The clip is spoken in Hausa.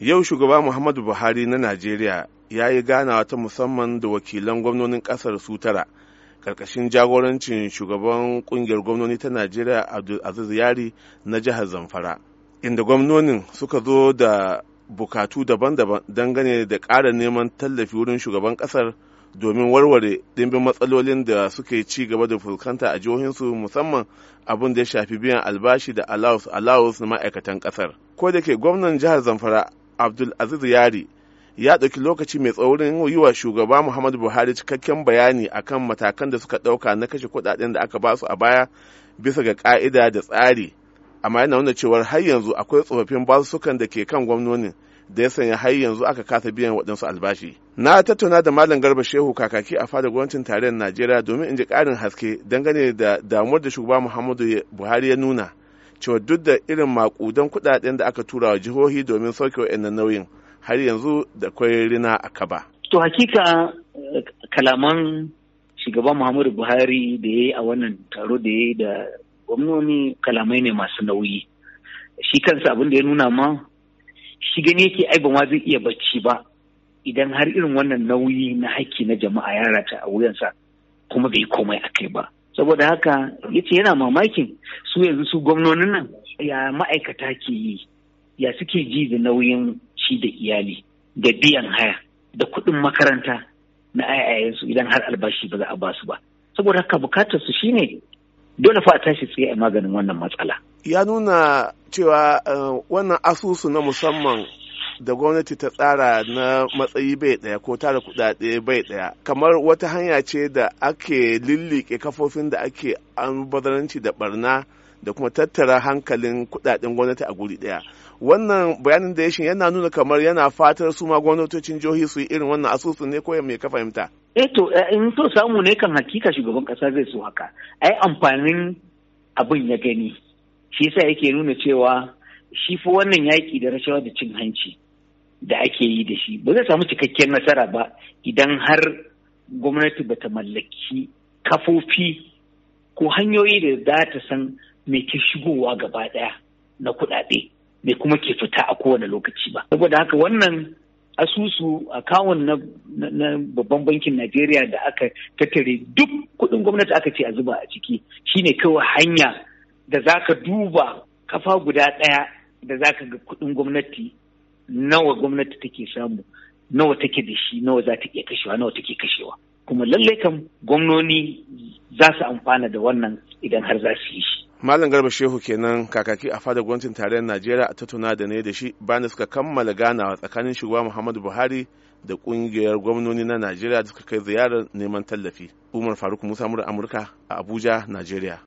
yau shugaba muhammadu buhari na najeriya ya yi ganawa ta musamman da wakilan gwamnonin kasar su tara karkashin jagorancin shugaban kungiyar gwamnoni ta najeriya abdulaziz yari na jihar zamfara inda gwamnonin suka zo da bukatu daban-daban dangane da ƙara neman tallafi wurin shugaban kasar domin warware dimbin matsalolin da suke ci gaba da fuskanta a jihohinsu musamman abin da ya shafi biyan albashi da allowance allowance na ma'aikatan ƙasar. Ko da ke gwamnan jihar Zamfara abdulaziz yari ya ɗauki lokaci mai tsaurin yi wa shugaba muhammadu buhari cikakken bayani a kan matakan da suka ɗauka na kashe kuɗaɗen da aka ba su a baya bisa ga ƙa'ida da tsari amma yana nuna cewar har yanzu akwai tsofaffin basussukan da ke kan gwamnonin da ya sanya har yanzu aka kasa biyan waɗansu albashi. Na tattauna da Malam Garba Shehu kakaki a fadar gwamnatin tarayyar Najeriya domin in ji ƙarin haske dangane da damuwar da shugaba Muhammadu Buhari ya nuna cewa duk da irin makudan kudaden da aka tura wa jihohi domin sauke wa nauyin har yanzu da kwai rina a kaba. To hakika kalaman shugaban Muhammadu Buhari da ya yi a wannan taro da ya yi da gwamnoni kalamai ne masu nauyi. Shi kansa abin da ya nuna ma shi gani yake ai ma zai iya bacci ba idan har irin wannan nauyi na haƙƙi na jama'a ya rata a wuyansa kuma bai komai a kai ba. Saboda haka yace yana mamakin su yanzu su gwamnonin nan ya ma'aikata ke yi ya suke ji da nauyin shi da iyali da biyan haya da kuɗin makaranta na su idan har albashi ba za a basu ba saboda haka bukatar su shine dole fa a tashi tsaye a maganin wannan matsala ya nuna cewa eh, wannan asusu na musamman da gwamnati ta tsara na matsayi bai ɗaya ko tara kudade bai ɗaya kamar wata hanya ce da ake lillike kafofin da ake albazaranci da barna da kuma tattara hankalin kudaden gwamnati a guri daya wannan bayanin da ya shi yana nuna kamar yana fatar su ma gwamnatocin jihohi su yi irin wannan asusun ne ko mai ka fahimta eh to eh, in so samu ne kan hakika shugaban kasa zai so haka ai amfanin abin ya gani shi yasa yake nuna cewa shi fa wannan yaƙi da rashawa da cin hanci da ake yi da shi ba zai samu cikakkiyar nasara ba idan har gwamnati bata mallaki kafofi ko hanyoyi da za ta san me ke shigowa gaba ɗaya na kuɗaɗe me kuma ke fita a kowane lokaci ba saboda haka wannan asusu akawun na, na babban bankin najeriya da aka tattare duk kuɗin gwamnati aka ce a zuba a ciki shine kawai hanya da za ka duba kafa guda ɗaya da za ka ga kuɗin gwamnati nawa gwamnati take samu nawa take da shi nawa za ta iya kashewa nawa take kashewa kuma lallai kam gwamnoni za su amfana da wannan idan har za su yi shi Malam Garba Shehu kenan kakaki a fadar gwamnatin tarayyar Najeriya a tattauna da ne da shi bayan da suka kammala ganawa tsakanin shugaba Muhammadu Buhari da kungiyar gwamnoni na Najeriya da suka kai ziyarar neman tallafi. Umar Faruk Musa Amurka a Abuja, Najeriya.